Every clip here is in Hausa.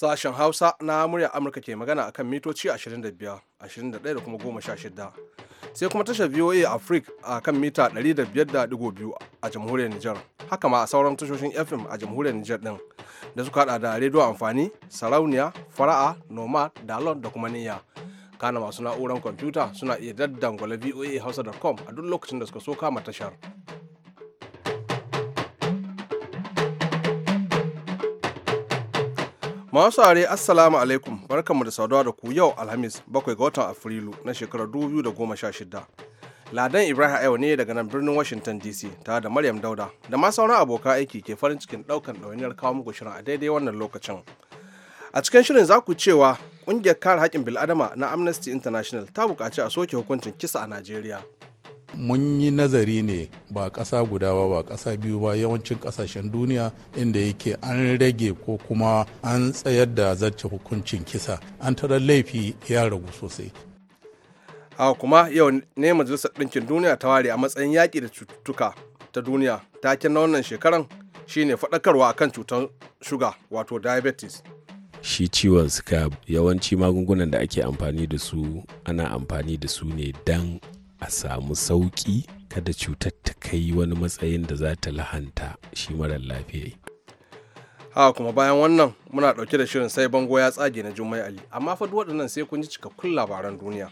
Sashen Hausa na murya Amurka ke magana akan mitoci 25, 21 da kuma 16. Sai kuma tashar VOA Africa a kan mita 105.2 a jamhuriyar Nijar. Haka ma a sauran tashoshin FM a jamhuriyar Nijar din da suka hada da rediyo amfani, sarauniya, fara'a, nomad, dalon da kuma niyya. kana masu na'urar kwamfuta suna iya hausa voa hausa.com a duk lokacin da suka so kama tashar. Masu are assalamu alaikum barkanmu da saduwa da ku yau alhamis bakwai ga watan afrilu na shekarar 2016 ladan ibrahim ayo ne daga nan birnin washington dc tare da maryam dauda da ma sauran abokan aiki ke farin cikin daukan ɗawainiyar kawo muku shirin a daidai wannan lokacin a cikin shirin za ku cewa ƙungiyar kare haƙƙin bil'adama na amnesty international ta buƙaci a soke hukuncin kisa a najeriya mun yi nazari ne ba ƙasa guda ba ba ƙasa biyu ba yawancin ƙasashen duniya inda yake an rage ko kuma an tsayar da zarce hukuncin kisa an tara laifi ya ragu sosai haka kuma yau ne majalisar ɗinkin duniya ta ware a matsayin yaƙi da cututtuka ta duniya taken na wannan shekaran shine faɗakarwa akan cutar shuga wato diabetes shi ciwon suka yawanci magungunan da ake amfani da su ana amfani da su ne dan a samu sauƙi kada cutar ta kai wani matsayin da za ta lahanta shi marar lafiya haka kuma bayan wannan muna ɗauke da shirin sai bango ya tsage na jummai ali amma fa waɗannan sai kun ji cikakkun labaran duniya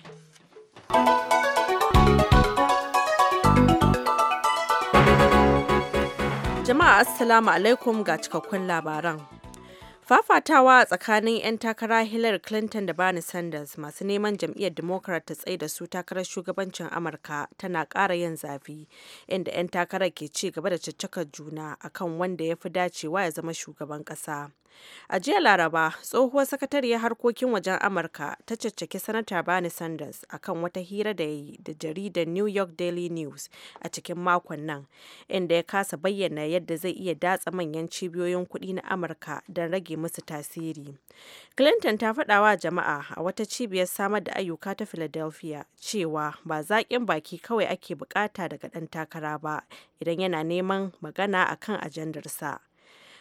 jama'a assalamu alaikum ga cikakkun labaran Fafatawa a tsakanin 'yan takara Hillary Clinton da Bernie Sanders masu neman jam'iyyar Democrat ta tsaye da su takarar shugabancin Amurka tana ƙara yin zafi, inda 'yan takarar ke ci gaba da caccakar juna akan wanda ya fi dacewa ya zama shugaban ƙasa. A jiya Laraba, tsohuwar sakatariyar harkokin wajen Amurka ta caccaki Sanata bani Sanders akan wata hira da ya yi da jaridar New York Daily News a cikin makon nan, inda ya kasa bayyana yadda zai iya datsa manyan cibiyoyin kuɗi na Amurka don rage musu tasiri. Clinton ta faɗawa jama'a a wata cibiyar samar da ayyuka ta Philadelphia cewa ba zaƙin baki kawai ake bukata daga ɗan takara ba idan yana neman magana akan ajandarsa.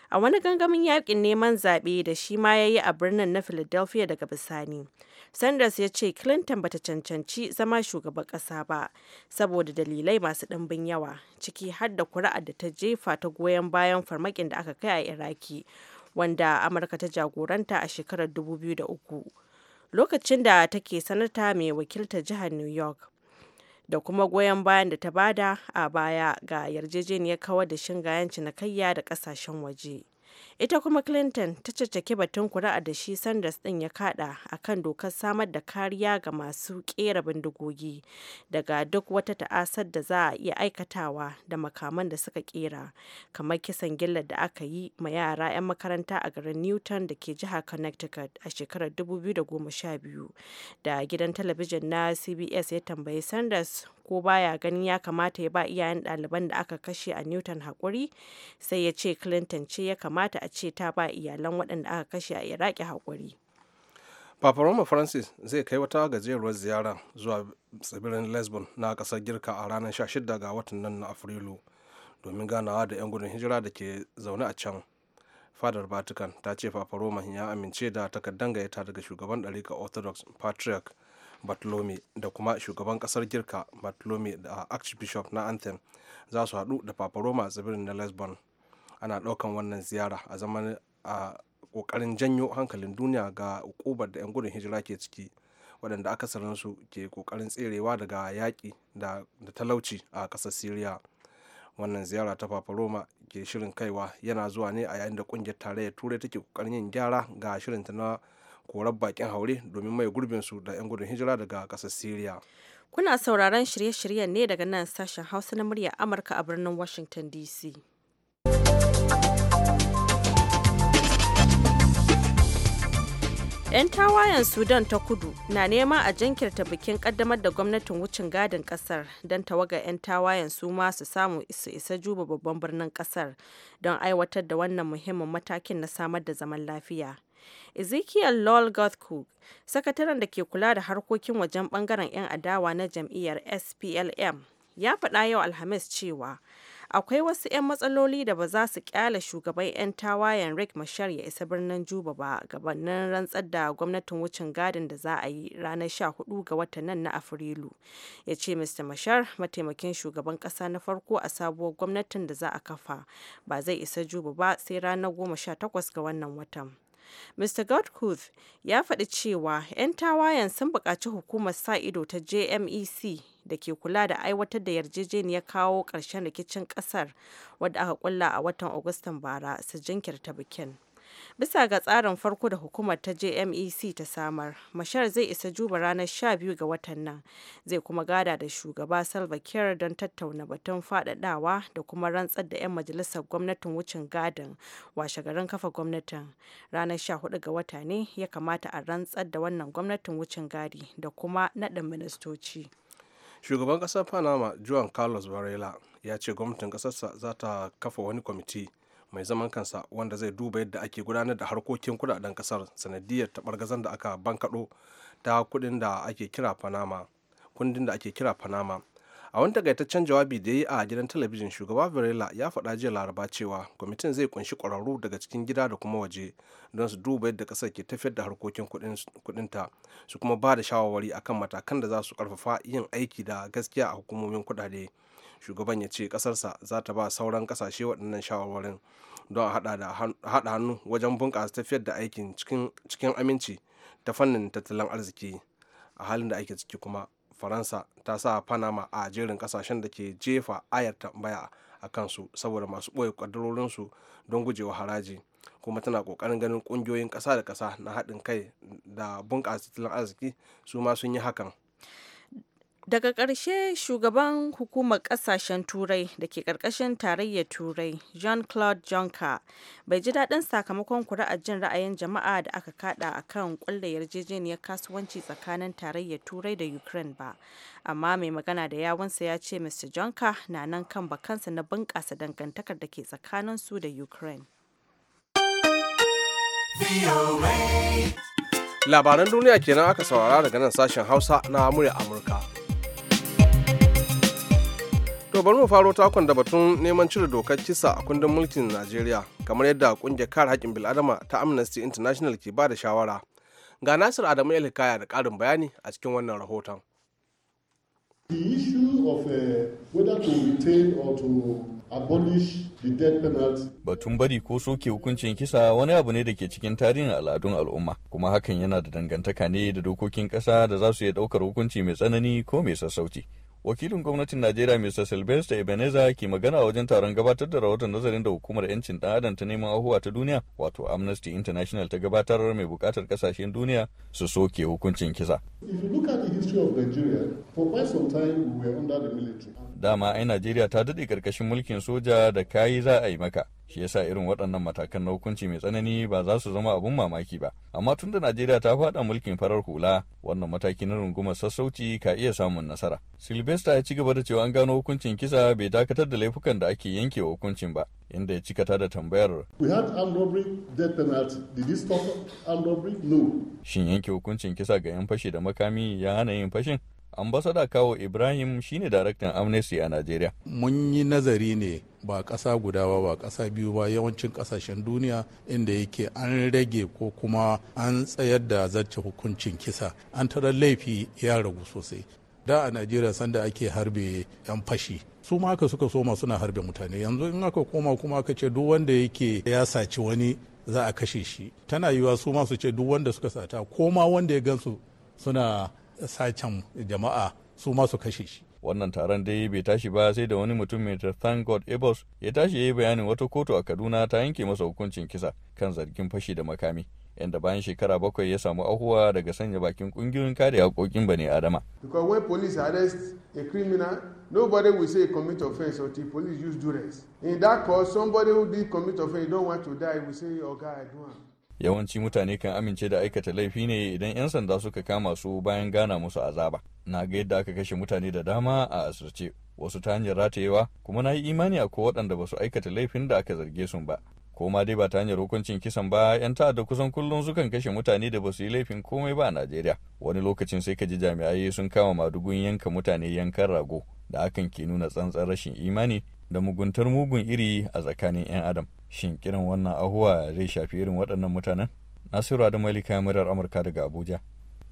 a wani gangamin yakin neman zaɓe da shi ma ya yi a birnin na Philadelphia daga bisani. Sanders ya ce Clinton bata cancanci zama shugaban ƙasa ba saboda dalilai masu ɗimbin yawa ciki har da kuri'ar da ta jefa ta goyon bayan farmakin da aka kai a Iraki wanda Amurka ta jagoranta a shekarar 2003. Lokacin da take sanata mai wakiltar jihar New York, da kuma goyon bayan da ta bada a baya ga yarjejeniyar kawar da shingayen cinikayya da kasashen waje. ita kuma clinton ta caccake batun kuri'a da shi sanders din ya kada kan dokar samar da kariya ga masu kera bindigogi daga duk wata ta'asar da za a iya aikatawa da makaman da suka kera kamar kisan gillar da aka yi ma yara 'yan makaranta a garin newton da ke jihar connecticut a shekarar 2012 da gidan talabijin na cbs ya tambayi sanders ko baya ganin ya kamata ya ba iyayen ɗaliban da aka kashe a newton haƙuri sai ya ce clinton ce ya kamata kamata a ce ta ba iyalan waɗanda aka kashe a iraki haƙuri Papa Roma Francis zai kai wata gajeruwar ziyara zuwa tsibirin Lesbon na kasar Girka a ranar 16 ga watan nan na Afrilu domin ganawa da 'yan gudun hijira da ke zaune a can. Fadar Vatican ta ce Papa ya amince da takardar gayyata daga shugaban ɗarika Orthodox Patriarch Bartolome da kuma shugaban ƙasar Girka Bartolome da Archbishop na Anthem za su haɗu da Papa a tsibirin na Lesbon. ana ɗaukan wannan ziyara a zaman a ƙoƙarin janyo hankalin duniya ga hukubar da 'yan gudun hijira ke ciki waɗanda akasarinsu ke ƙoƙarin tserewa daga yaƙi da talauci a ƙasar syria wannan ziyara ta papa roma ke shirin kaiwa yana zuwa ne a yayin da ƙungiyar tarayyar turai take ƙoƙarin yin gyara ga shirinta na korar bakin haure domin mai gurbin su da 'yan gudun hijira daga ƙasar syria kuna sauraron shirye-shiryen ne daga nan sashen hausa na murya amurka a birnin washington dc 'Yan tawayen Sudan ta kudu na nema a jinkirta bikin kaddamar da gwamnatin wucin gadin kasar don tawaga 'yan tawayen su ma su samu su isa juba babban birnin kasar don aiwatar da wannan muhimmin matakin na samar da zaman lafiya. Ezekiel Lol Gothcook, sakataren da ke kula da harkokin wajen bangaren 'yan adawa na jam'iyyar SPLM, ya faɗa yau Alhamis cewa akwai wasu 'yan matsaloli da ba za su kyale shugaban 'yan tawayen rick mashar ya isa birnin juba ba gabanin rantsar da gwamnatin wucin gadin da za a yi ranar 14 ga watan nan na afrilu ya ce mr mashar mataimakin shugaban kasa na farko a sabuwar gwamnatin da za a kafa ba zai isa juba ba sai ranar 18 ga wannan watan Mr. Godkuth ya faɗi cewa 'yan tawayen sun buƙaci hukumar sa ido ta JMEC da ke kula da aiwatar da yarjejeniyar kawo ƙarshen rikicin ƙasar wadda aka kulla a watan Agustan bara su jinkirta bikin. Bisa ga tsarin farko da hukumar ta JMEC ta samar, Mashar zai isa Juba ranar 12 ga watan nan, zai kuma gada da shugaba Salva kiyar don tattauna batun fadadawa da kuma rantsar da 'yan majalisar gwamnatin wucin gadin washe garin kafa gwamnatin. Ranar 14 ga wata ne ya kamata a rantsar da wannan gwamnatin wucin gadi da kuma naɗin ministoci. Shugaban kasar Panama Juan Carlos Varela ya ce gwamnatin kasarsa za ta kafa wani kwamiti mai zaman kansa wanda zai duba yadda ake gudanar da harkokin kudaden kasar sanadiyar taɓargazan da aka bankado ta kudin da ake kira panama kundin da ake kira panama a wani takaitaccen jawabi da ya yi a gidan talabijin shugaba varela ya faɗa jiya laraba cewa kwamitin zai kunshi ƙwararru daga cikin gida da kuma waje don su duba yadda kasar ke tafiyar da harkokin kuɗinta su kuma ba da shawarwari akan matakan da za su ƙarfafa yin aiki da gaskiya a hukumomin kuɗaɗe. shugaban ya ce kasarsa za ta ba sauran kasashe waɗannan shawarwarin don a haɗa hannu wajen bunƙasa tafiyar da aikin cikin aminci ta fannin tattalin arziki a halin da ake ciki kuma faransa ta sa panama a jerin kasashen da ke jefa ayar tambaya a kansu saboda masu ɓoye ƙaddarorinsu don gujewa haraji kuma tana ƙoƙarin ganin ƙungiyoyin ƙasa da ƙasa na haɗin kai da bunƙasa tattalin arziki su ma sun yi hakan daga ƙarshe shugaban hukumar ƙasashen turai da ke ƙarƙashin tarayyar turai john claude juncker bai ji daɗin sakamakon kuri'ar jin ra'ayin jama'a da aka kada a kan ƙulla yarjejeniyar kasuwanci tsakanin tarayyar turai da ukraine ba amma mai magana da yawunsa ya ce mr juncker na nan kan bakansa na bunƙasa dangantakar da ke tsakanin su da ukraine labaran duniya kenan aka saurara daga nan sashen hausa na amurka To bari mu faro takon da batun neman cire dokar kisa a kundin mulkin Najeriya kamar yadda kungiyar kare haƙƙin bil'adama ta Amnesty International ke ba da shawara. Ga Nasir Adamu Kaya da ƙarin bayani a cikin wannan rahoton. The issue of uh, whether to retain or to abolish the death penalty. Batun bari ko soke hukuncin kisa wani abu ne da ke cikin tarihin al'adun al'umma, kuma hakan yana da dangantaka ne da dokokin ƙasa da za su iya ɗaukar hukunci mai tsanani ko mai sassauci. wakilin gwamnatin najeriya mr sylvester ebenezer ke magana a wajen taron gabatar da rahoton nazarin da hukumar 'yancin dan adam ta neman ahuwa ta duniya wato amnesty international ta gabatar mai bukatar kasashen duniya su soke hukuncin kisa dama ai Najeriya ta daɗe karkashin mulkin soja da kayi za a yi maka shi yasa irin waɗannan matakan na hukunci mai tsanani ba za su zama abun mamaki ba amma tun da Najeriya ta faɗa mulkin farar hula wannan mataki na rungumar sassauci ka iya samun nasara Sylvester ya ci gaba da cewa an gano hukuncin kisa bai dakatar da laifukan da ake yanke hukuncin ba inda ya cikata da tambayar We had armed robbery did this stop armed no shin yanke hukuncin kisa ga yan fashi da makami ya hana yin fashin ambasada kawo ibrahim shine daraktan amnesty a nigeria. mun yi nazari ne ba ƙasa guda ba ba ƙasa biyu ba yawancin ƙasashen duniya inda yake an rage ko kuma an tsayar da zarce hukuncin kisa an tarar laifi ya ragu sosai da a nigeria sanda ake harbe yan fashi su ma aka suka soma suna harbe mutane yanzu in aka koma kuma aka ce duk wanda yake ya saci wani za a kashe shi tana yiwuwa su ma su ce duk wanda suka sata koma wanda ya gansu suna sacen jama'a su ma su kashe shi wannan taron dai bai tashi ba sai da wani mutum mai thank god ebos ya tashi ya yi bayanin wata kotu a kaduna ta yanke masa hukuncin kisa kan zargin fashi da makami yadda bayan shekara bakwai ya samu ahuwa daga sanya bakin kungiyoyin kare haƙoƙin bane adama. because when police arrest a criminal nobody will say commit offence until police use duress in that cause somebody who did commit offence don't want to die will say oga i do am. yawanci mutane kan amince da aikata laifi ne idan 'yan sanda suka kama su bayan gana musu azaba na ga yadda aka kashe mutane da dama a asirce wasu ta hanyar ratayewa kuma na yi imani akwai waɗanda ba su aikata laifin da aka zarge su ba ko ma dai ba ta hanyar hukuncin kisan ba 'yan ta'adda kusan kullum sukan kashe mutane da ba su yi laifin komai ba a najeriya wani lokacin sai ka ji jami'ai sun kama madugun yanka mutane yankan rago da hakan ke nuna tsantsan rashin imani da muguntar mugun iri a tsakanin 'yan adam shin kiran wannan ahuwa zai shafi irin waɗannan mutanen nasiru da malika murar amurka daga abuja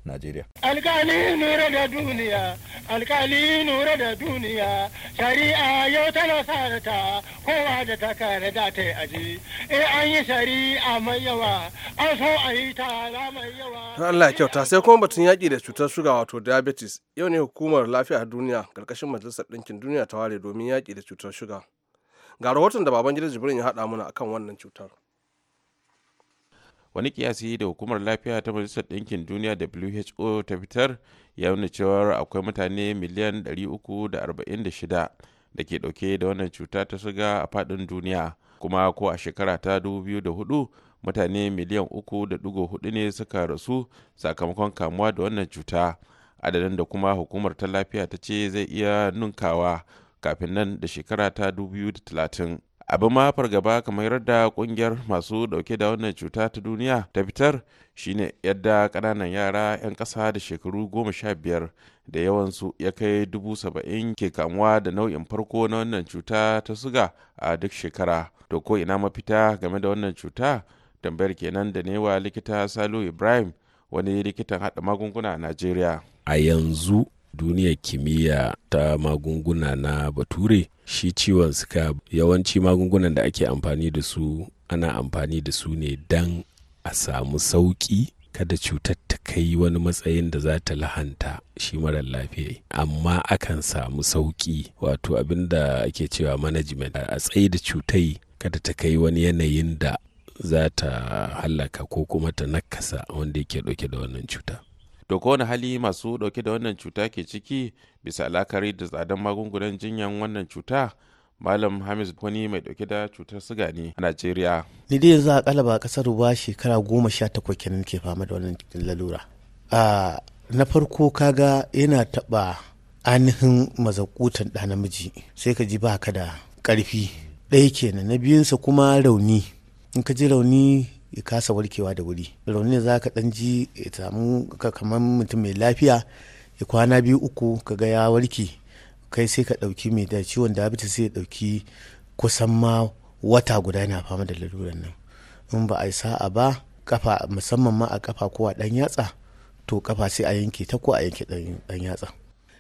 najeriya alkali nura da duniya alkali nura da duniya shari'a yau tana sa ta kowa da ta kare da ta aji eh an yi shari'a mai yawa an so a yi tara mai yawa Allah kyauta sai kuma batun yaƙi da cutar suga wato diabetes yau ne hukumar lafiya a duniya ƙarƙashin majalisar ɗinkin duniya ta ware domin yaƙi da cutar suga ga rahoton da baban gida jibrin ya haɗa mana akan wannan cutar wani kiyasi da hukumar lafiya ta majalisar ɗinkin duniya who ta fitar ya nuna cewa akwai mutane miliyan 346 da ke ɗauke da wannan cuta ta siga a faɗin duniya kuma ko a shekara ta 2004 mutane miliyan 3.4 ne suka rasu sakamakon kamuwa da wannan cuta adadin da kuma hukumar ta lafiya ta ce zai iya nunkawa kafin nan da shekara ta 2030 abin ma fargaba kamar yadda kungiyar masu dauke da wannan cuta ta duniya ta fitar shine yadda kananan yara 'yan ƙasa da shekaru goma sha biyar da yawansu ya kai dubu saba'in ke kamuwa da nau'in farko na wannan cuta ta suga a duk shekara to ko ina mafita game da wannan cuta tambayar kenan da newa likita salo ibrahim wani likitan haɗa magunguna a najeriya a yanzu duniyar kimiyya ta magunguna na bature shi ciwon suka yawanci magungunan da ake amfani da su ana amfani da su ne don a samu sauƙi kada cutar ta kai wani matsayin da za ta lahanta shi mara lafiya amma akan samu sauƙi wato abin da ake cewa management a tsaye da cutai kada ta kai wani yanayin da za ta hallaka ko kuma ta nakasa wanda yake ɗauke da wannan cuta to kowane hali masu dauke da wannan cuta ke ciki bisa alakari da tsadan magungunan jinyan wannan cuta malam hamis wani mai dauke da cutar siga ne a najeriya ni dai yanzu kalaba a kasar ruwa shekara goma sha takwas kenan ke fama da wannan lalura a na farko kaga yana taba ainihin mazakutan da namiji sai ka ji baka da karfi ɗaya kenan na biyunsa kuma rauni in ka ji rauni ya kasa warkewa da wuri rauni ne za ka dan ji ya samu kamar mutum mai lafiya ya kwana biyu uku ka ga ya warke kai sai ka ɗauki mai da ciwon diabetes sai ya ɗauki kusan ma wata guda yana fama da laluran nan in ba a yi sa'a ba kafa musamman ma a kafa ko a ɗan yatsa to kafa sai a yanke ta ko a yanke ɗan yatsa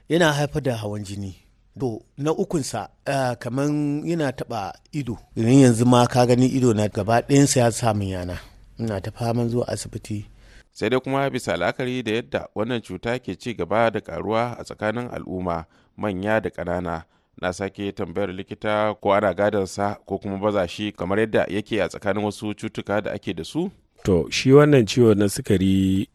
yana haifar da hawan jini to na ukunsa uh, eh, kamar yana taba ido idan yanzu ma ka gani ido na gaba ɗayansa ya samu yana ina ta faman zuwa asibiti sai dai kuma bisa la'akari da yadda wannan cuta ke ci gaba da karuwa a tsakanin al'umma manya da ƙanana na sake tambayar likita ko ana gadansa ko kuma baza shi kamar yadda yake a tsakanin wasu cutuka da ake da su to shi wannan ciwo na sukari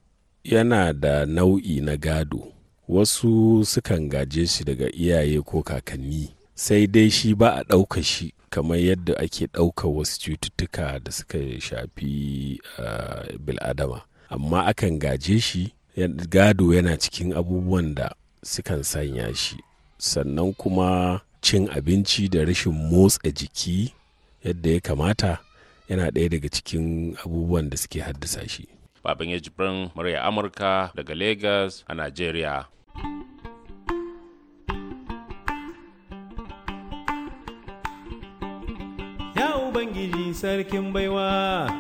yana da nau'i na gado wasu sukan gaje shi daga iyaye ko kakanni sai dai shi ba a ɗauka shi kamar yadda ake ɗauka wasu cututtuka da suka shafi ah, biladama amma akan gaje shi gado yana cikin abubuwan da sukan sanya shi sannan kuma cin abinci da rashin motsa jiki yadda ya kamata yana ɗaya daga cikin abubuwan da suke haddasa shi. Baban ya jibrin murya Amurka daga Lagos a nigeria. Ubangiji sarkin baiwa.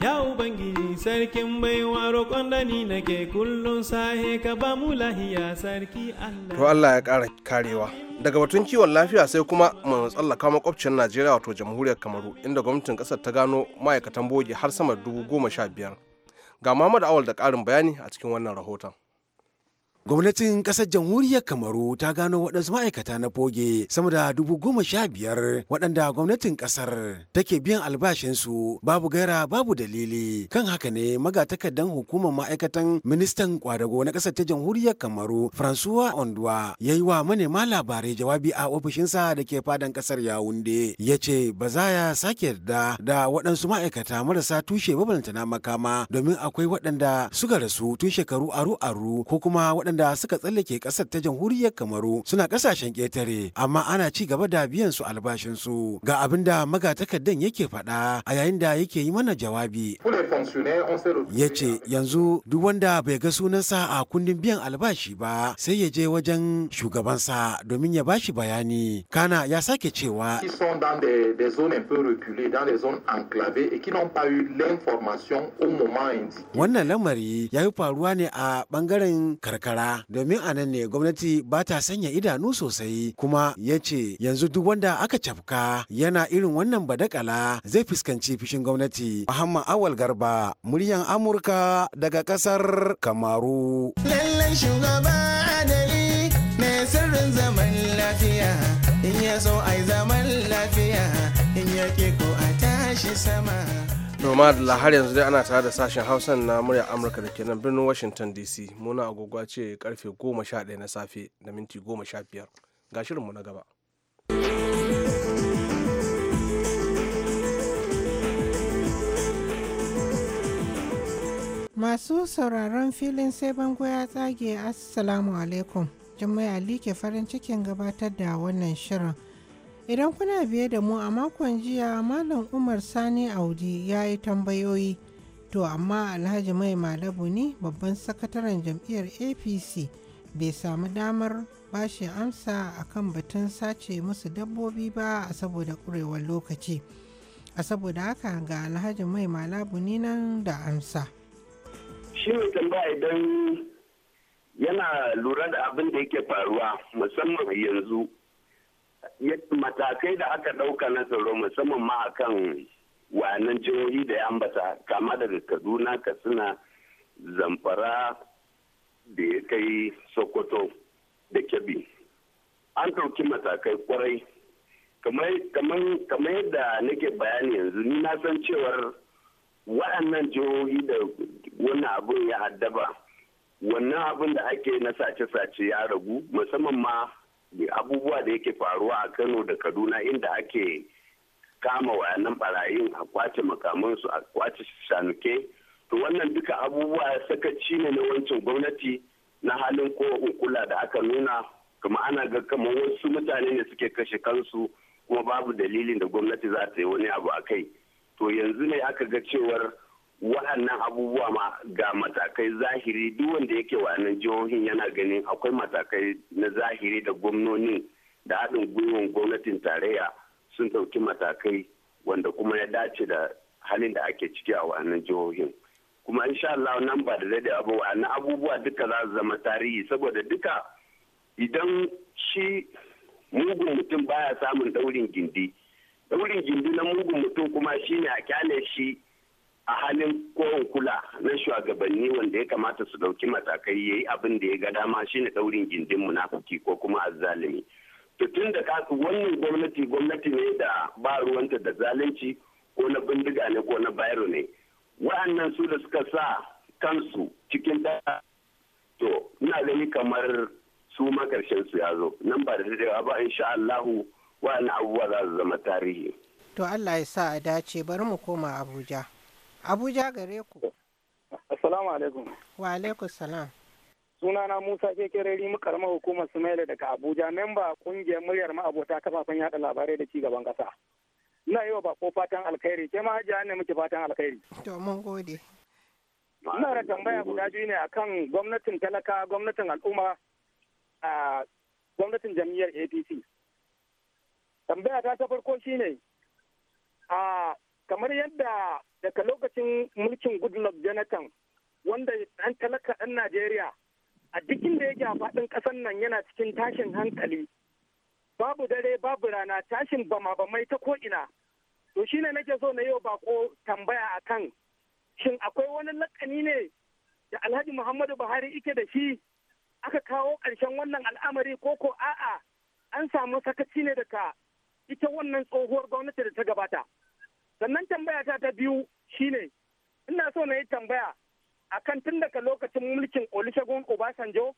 Ya Ubangiji sarkin baiwa roƙon da ni nake kullum sahe ka ba mu lahiya sarki Allah. To Allah ya ƙara karewa. Daga batun kiwon lafiya sai kuma mu tsallaka makwabcin Najeriya wato jamhuriyar Kamaru inda gwamnatin ƙasar ta gano ma'aikatan bogi har sama dubu goma sha biyar. Ga Muhammad Awal da ƙarin bayani a cikin wannan rahoton. Gwamnatin ƙasar jamhuriyar Kamaru ta gano waɗansu ma'aikata na foge sama da dubu goma sha biyar waɗanda gwamnatin ƙasar take biyan albashinsu babu gaira babu dalili. Kan haka ne magatakardan hukumar ma'aikatan ministan kwadago na ƙasar ta jamhuriyar Kamaru Francois ondua ya yi wa manema labarai jawabi a ofishinsa da ke fadan ƙasar Yawunde ya ce ba za ya sake yarda da waɗansu ma'aikata marasa tushe babalanta na makama domin akwai waɗanda suka rasu tun shekaru aru-aru ko kuma waɗanda waɗanda suka tsallake ƙasar ta jamhuriyar kamaru suna ƙasashen ƙetare amma ana ci gaba da biyan su albashinsu ga abin da magatakardan yake faɗa a yayin da yake yi mana jawabi ya ce yanzu duk wanda bai ga sunansa a kundin biyan albashi ba sai ya je wajen shugabansa domin ya bashi bayani kana ya sake cewa wannan lamari ya yi faruwa ne a ɓangaren karkara yara domin a nan ne gwamnati ba ta sanya idanu sosai kuma ya ce yanzu duk wanda aka cafka yana irin wannan badakala zai fuskanci fushin gwamnati muhammad awal garba muryan amurka daga kasar kamaru lallai shugaba adali mai sirrin zaman lafiya in ya so ai zaman lafiya in ya ke ko a tashi sama Noma da har yanzu dai ana tare da sashen Hausan na murya Amurka da kenan birnin Washington DC. Muna agogwa ce karfe 11 na safe da minti 15. Ga shirinmu na gaba. Masu sauraron filin sai bango ya tsage Assalamu alaikum. Jummai Ali ke farin cikin gabatar da wannan shirin. Idan kuna biye da mu a makon jiya Malam Umar Sani Audi ya yi tambayoyi, to amma Alhaji Mai Malabu ne babban sakataren jam'iyyar APC bai samu damar bashi amsa akan batun sace musu dabbobi ba a saboda ƙurewar lokaci. A saboda haka ga Alhaji Mai Malabu ne nan da amsa. Shi ne tambaya idan yana lura da abin da yake faruwa musamman yanzu matakai da aka ɗauka na tsaro musamman ma akan wayannan jihohi da ya ambata kama daga kaduna katsina zamfara da ya kai sokoto da kebbi an ɗauki matakai kwarai kamar yadda nake bayani yanzu ni na san cewar waɗannan jihohi da wani abin ya haddaba wannan abin da ake na sace-sace ya ragu musamman ma abubuwa da yake faruwa a kano da kaduna inda ake kama wayannan barayin a kwace makamansu a kwace shanuke to wannan duka abubuwa sakaci ne na wancan gwamnati na halin ko kula da aka nuna kuma ana ga kamar wasu mutane ne suke kashe kansu kuma babu dalilin da gwamnati za ta yi wani abu a kai to yanzu ne aka ga cewar waɗannan abubuwa ma ga matakai zahiri duk wanda yake wa'annan jihohin yana ganin akwai matakai na zahiri da gwamnoni da haɗin gwiwan gwamnatin tarayya sun ɗauki matakai wanda kuma ya dace da halin da ake ciki a wa'annan jihohin kuma insha Allah nan ba da daidai abu wa'annan abubuwa duka za su zama tarihi saboda duka idan shi mugun mutum baya samun daurin gindi daurin gindi na mugun mutum kuma shine a kyale shi a halin kowan kula na shugabanni wanda ya kamata su ɗauki matakai ya yi abin da ya ga dama shine daurin gindin munafuki ko kuma azzalumi to tun da wannan gwamnati gwamnati ne da ba ruwanta da zalunci ko na bindiga ne ko na bayro ne wa'annan su da suka sa kansu cikin da to ina gani kamar su makarshen su ya zo nan ba da daidaiwa ba insha Allahu wa'annan abubuwa za su zama tarihi to Allah ya sa a dace bari mu koma Abuja Abuja gare ku. Assalamu alaikum. Wa alaikum salam. Sunana Musa Kekereri mukarmar hukumar Sumaila daga Abuja memba kungiyar muryar ma'abota kafafen yada labarai da ci gaban kasa. Ina yi wa bako fatan alkhairi, ke ma hajiya ne muke fatan alkhairi. To mun gode. Ina da tambaya guda biyu ne akan gwamnatin talaka, gwamnatin al'umma a gwamnatin jam'iyyar APC. Tambaya ta ta farko shine a kamar yadda daga lokacin mulkin goodluck jonathan wanda ɗan talaka ɗan najeriya a duk inda yake a faɗin ƙasar nan yana cikin tashin hankali babu dare babu rana tashin bama bamai ta ko'ina to shine nake so na wa bako tambaya akan shin akwai wani lakani ne da alhaji muhammadu buhari ike da shi aka kawo ƙarshen wannan al'amari ko ko a'a an samu sakaci ne daga ita wannan tsohuwar gwamnati da ta gabata. sannan tambaya ta ta biyu shine ina so na yi tambaya akan tun daga lokacin mulkin olusegun obasanjo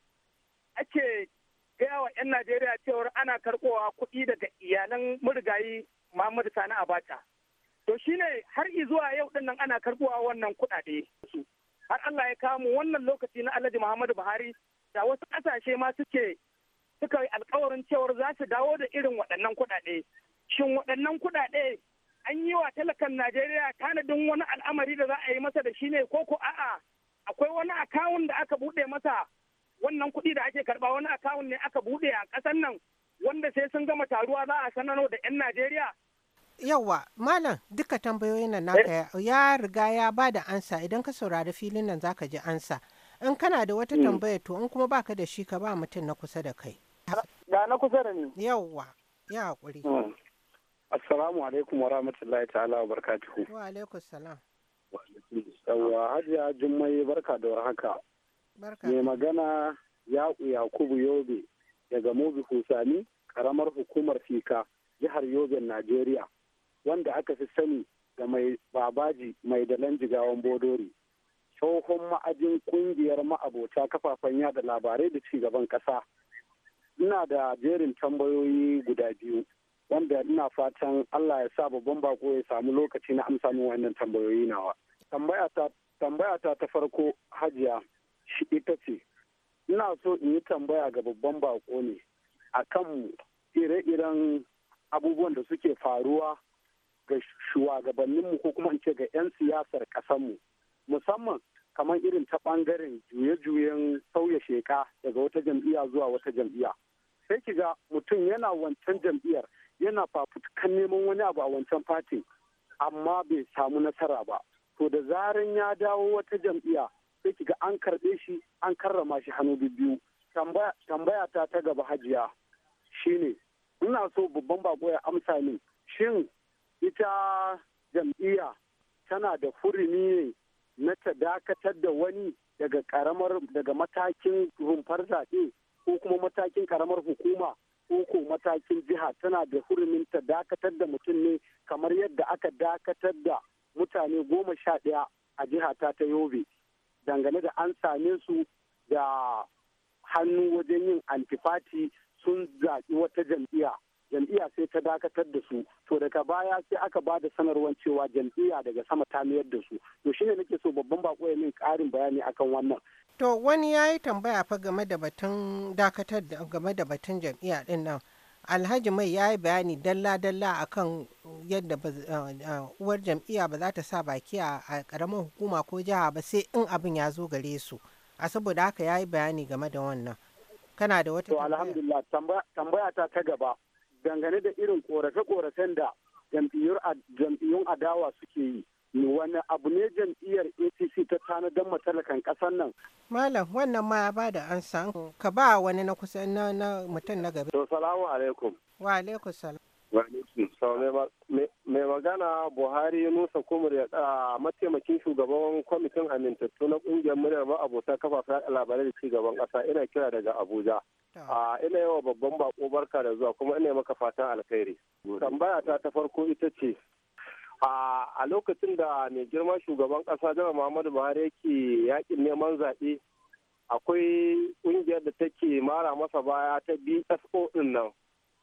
ake gaya wa 'yan najeriya cewar ana karkowa kuɗi daga iyalan murigayi muhammadu sani abacha to shine har zuwa yau dinnan ana karbuwa wannan kuɗaɗe su har allah ya kamu wannan lokaci na alhaji muhammadu buhari da wasu ƙasashe ma suke suka yi alkawarin cewar za su dawo da irin waɗannan kuɗaɗe shin waɗannan kuɗaɗe an yi wa talakan Najeriya tanadin wani al'amari da za a yi masa da shi ne ko ko a'a akwai wani akawun da aka buɗe masa wannan kuɗi da ake karɓa wani akawun ne aka buɗe a ƙasar nan wanda sai sun gama taruwa za a sanar da 'yan Najeriya. Yawwa, Malam, duka tambayoyin nan naka eh. ya riga ya ba da ansa idan ka saurari filin nan za ka ji ansa. In kana da wata hmm. tambaya to in kuma baka da shi ka ba mutum na kusa da kai. Da na kusa da ni. Yawwa, ya haƙuri. Hmm. Assalamu alaikum wa rahmatullahi ta'ala wa barkatuhu. Wa alaikum salam. Yawwa Hajiya Jummai barka da warhaka. Barka. Mai magana Yaƙu Yakubu Yobe daga Mubi Husani, karamar hukumar Fika, jihar Yobe, Najeriya, wanda aka fi sani da mai babaji mai dalan jigawan Bodori. Tsohon ma'ajin kungiyar ma'abota kafafen yada labarai da cigaban ƙasa. Ina da jerin tambayoyi guda biyu. wanda ina fatan Allah ya sa babban bako ya samu lokaci na amsa min wannan tambayoyi nawa. Tambaya ta ta farko hajiya shi ita ce, ina so in yi tambaya ga babban bako ne a kan ire-iren abubuwan da suke faruwa ga shugabanninmu ko kuma in ce ga 'yan siyasar mu Musamman kamar irin ta bangaren juye-juyen sauya sheka daga wata jam'iyya zuwa wata jam'iyya. Sai ki ga mutum yana wancan jam'iyyar yana fafutukan neman wani abu a wancan fatin amma bai samu nasara ba to da zaran ya dawo wata jam'iyya sai kiga an karɓe shi an karrama shi hannu biyu tambaya ta ta gaba hajiya shine ina so babban bako ya amsa ne shin ita jam'iyya tana da furini ne na ta dakatar da wani daga karamar daga matakin rumfar zaɓe ko kuma matakin karamar hukuma koko matakin jiha tana da hurumin ta dakatar da mutum ne kamar yadda aka dakatar da mutane goma sha ɗaya a jiha ta ta yobe dangane da an same su da hannu wajen yin antifati sun zaɓi wata jam'iya. jam'iyya sai ta dakatar da su to daga baya sai aka ba da sanarwar cewa jam'iyya daga sama ta mayar da su to shine nake so babban bako ya min karin bayani akan wannan to wani yayi tambaya fa game da batun dakatar da game da batun jam'iyya din nan alhaji mai ya yi bayani dalla-dalla akan yadda eh, eh, uwar jam'iyya ba za ta sa baki a karamar hukuma ko jiha ba sai in abin ya zo gare su a saboda haka ya yi bayani game da wannan kana da wata tambaya ta ta gaba dangane da irin korafe-korafen da jam'iyyun adawa suke yi wani abu ne jam'iyyar apc ta tana don matalakan kasan nan malam wannan ma ya bada ansa ka ba wani na kusa na mutum na gaba to salamu alaikum wa alaikum salam mai magana buhari nusa kumur ya a mataimakin shugaban kwamitin amintattu na kungiyar muryar ba abota kafafen labarai da shugaban kasa ina kira daga abuja a ina yawa babban bako barka da zuwa kuma ina maka fatan alkhairi tambaya ta ta farko ita ce a lokacin da mai girma shugaban kasa jama muhammadu buhari yake yakin neman zaɓe akwai kungiyar da take mara masa baya ta bso din nan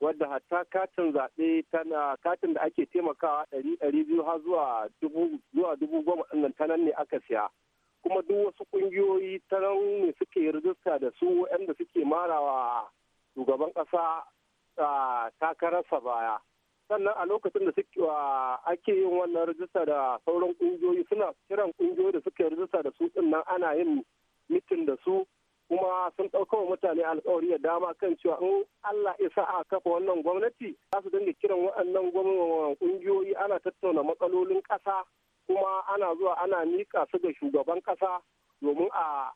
wadda hatta katin zaɓe tana katin da ake taimakawa ɗari ɗari biyu har zuwa dubu zuwa dubu goma ɗin ta nan ne aka siya kuma duk wasu ƙungiyoyi ta nan ne suke rijista da su waɗanda suke marawa shugaban ƙasa takararsa baya sannan a lokacin da ake yin wannan rijista da sauran ƙungiyoyi suna kiran ƙungiyoyi da suke rijista da su ɗin nan ana yin mitin da su kuma sun ɗauka wa mutane alkawari da dama kan cewa in Allah ya sa a kafa wannan gwamnati za su dinga kiran waɗannan gwamnatin ƙungiyoyi ana tattauna matsalolin ƙasa kuma ana zuwa ana miƙa su ga shugaban ƙasa domin a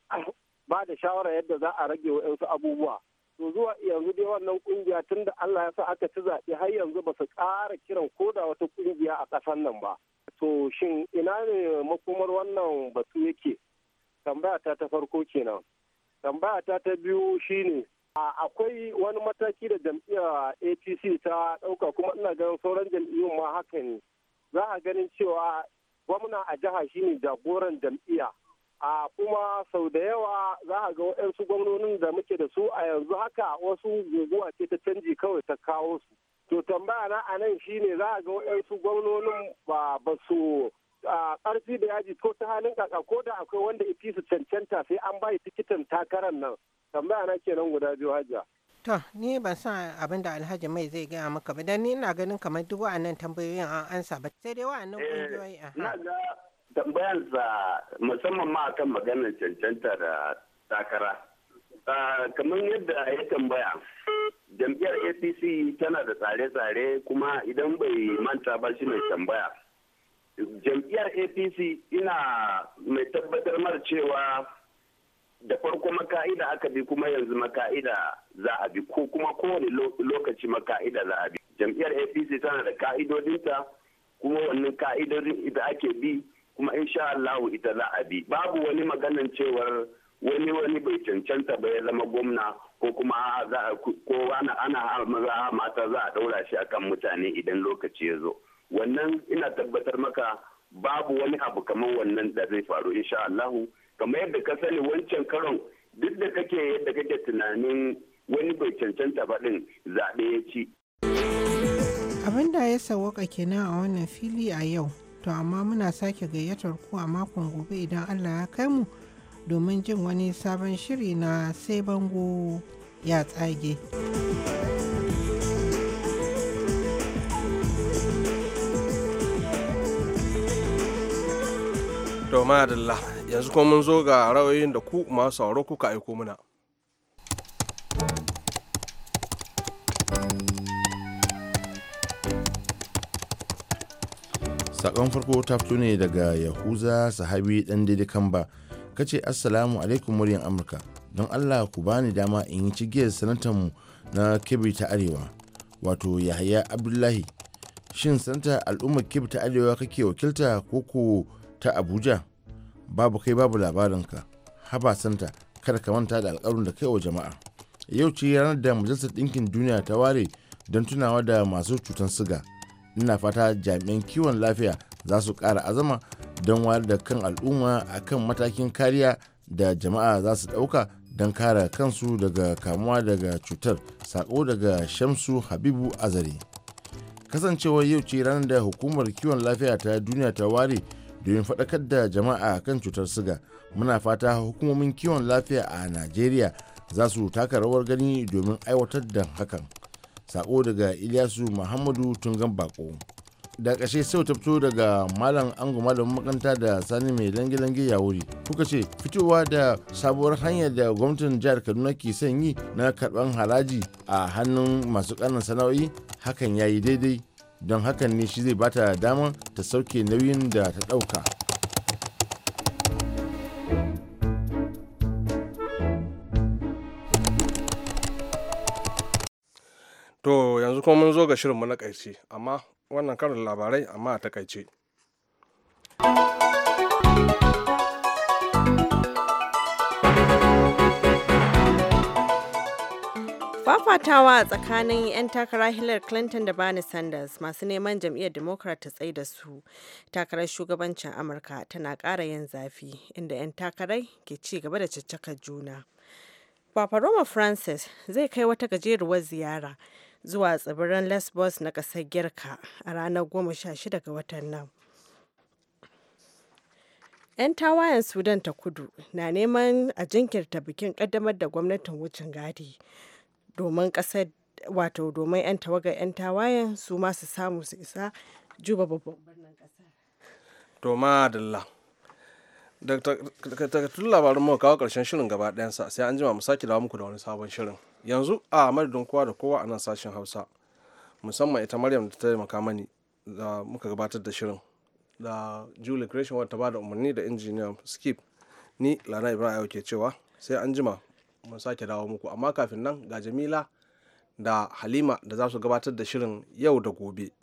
ba da shawara yadda za a rage wa'yansu abubuwa. To zuwa yanzu dai wannan ƙungiya tun da Allah ya sa aka ci zaɓe har yanzu ba su ƙara kiran ko da wata ƙungiya a ƙasar nan ba. To shin ina ne makomar wannan batu yake? Tambaya ta ta farko kenan. tambaya ta ta biyu shine akwai wani mataki da jam'iyyar apc ta ɗauka kuma ina ganin sauran jam'iyyun ma haka ne za a ganin cewa gwamna a jiha shine jagoran jam'iyya a kuma sau da yawa za a ga waɗansu gwamnonin da muke da su a yanzu haka wasu guguwa ce ta canji kawai ta kawo su to tambaya na a nan shine za a ga waɗansu gwamnonin ba ba su karfi da yaji ko ta halin kaka ko da akwai wanda ifi su cancanta sai an bayi tikitin takarar nan tambaya na kenan guda biyu hajiya. To, ni ban san abin da Alhaji Mai zai gaya maka ba, dan ni ina ganin kamar duk wa'annan tambayoyin an ansa ba, sai dai wa'annan kungiyoyi. Eh, na ga tambayarsa musamman ma akan maganar cancanta da takara. Kamar yadda ya tambaya, jam'iyyar APC tana da tsare-tsare kuma idan bai manta ba shi mai tambaya. jam'iyyar apc ina mai tabbatar mar cewa da farko maka'ida aka bi kuma yanzu maka'ida za a bi ko kuma kowane lokaci maka'ida za a bi jam'iyyar apc tana da ka'idodinta kuma wannan ka'idodin ita ake bi kuma insha Allah ita za a bi babu wani maganan cewar wani wani bai cancanta ba ya zama gwamna ko kuma za a ko ana ana maza mata za a daura shi akan mutane idan lokaci ya zo wannan ina tabbatar maka babu wani abu kamar wannan da zai faru insha Allahu kamar yadda ka sani wancan karon duk da kake yadda kake tunanin wani bai cancanta ba din zaɓe ya ci. Abin da ya sawwaka kenan a wannan fili a yau, to amma muna sake gayyatar ku a makon gobe idan Allah ya kai mu domin jin wani sabon shiri na sai bango ya tsage. to madalla yanzu kuma mun zo ga ra'ayoyin da ku masu sauro kuka aiko mana sakon farko ta fito ne daga yahuza sahabi dan daidai kamba kace assalamu alaikum muryan amurka don allah ku bani dama in yi cigiyar sanatanmu na kebi ta arewa wato yahaya abdullahi shin sanata al'ummar kebi ta arewa kake wakilta ko ku. ta abuja babu kai babu labarinka haba santa kada ka manta da alƙawarin da kai wa jama'a yau ce ranar da majalisar ɗinkin duniya ta ware don tunawa da masu cutar siga ina fata jami'an kiwon lafiya za su ƙara azama don wayar da kan al'umma a kan matakin kariya da jama'a za su ɗauka don kare kansu daga kamuwa daga cutar sako daga shamsu habibu azare kasancewar yau ce ranar da hukumar kiwon lafiya ta duniya ta ware domin faɗakar da jama'a kan cutar siga muna fata hukumomin kiwon lafiya a najeriya za su taka rawar gani domin aiwatar da hakan sako daga ilyasu muhammadu tungan bako da ƙashe sau ta daga malam ango da makanta da sani mai lange ya wuri kuka ce fitowa da sabuwar hanyar da gwamnatin jihar kaduna ke son yi na karban haraji a hannun masu ƙanan sana'o'i hakan ya yi daidai don hakan ne shi zai bata dama ta sauke nauyin da ta ɗauka. To yanzu kuma mun zo ga shirinmu na ƙarshe, amma wannan karin labarai amma a takaice. fafatawa a tsakanin 'yan takara hillary clinton da bernie sanders masu neman jam'iyyar democrat ta tsaye da su takarar shugabancin amurka tana ƙara yin zafi inda 'yan takarai ke ci gaba da caccaka juna papa roma francis zai kai wata gajeruwar ziyara zuwa tsibirin lesbos na ƙasar girka a ranar 16 ga watan nan 'yan tawayen sudan ta kudu na neman a jinkirta bikin ƙaddamar da gwamnatin wucin gadi domin kasar wato domin 'yan tawagar 'yan tawayen su masu samu su isa juba babban birnin kasar. Doma Adalla. labarin mu kawo karshen shirin gaba ɗayansa sai an jima mu sake dawo muku da wani sabon shirin. Yanzu a madadin kowa da kowa a nan sashen Hausa. Musamman ita Maryam da ta taimaka mani da muka gabatar da shirin. Da Julie Creation wadda ta bada umarni da injiniyan Skip. Ni Lana Ibrahim ke cewa sai an jima mun sake dawo muku amma kafin nan ga jamila da halima da za su gabatar da shirin yau da gobe.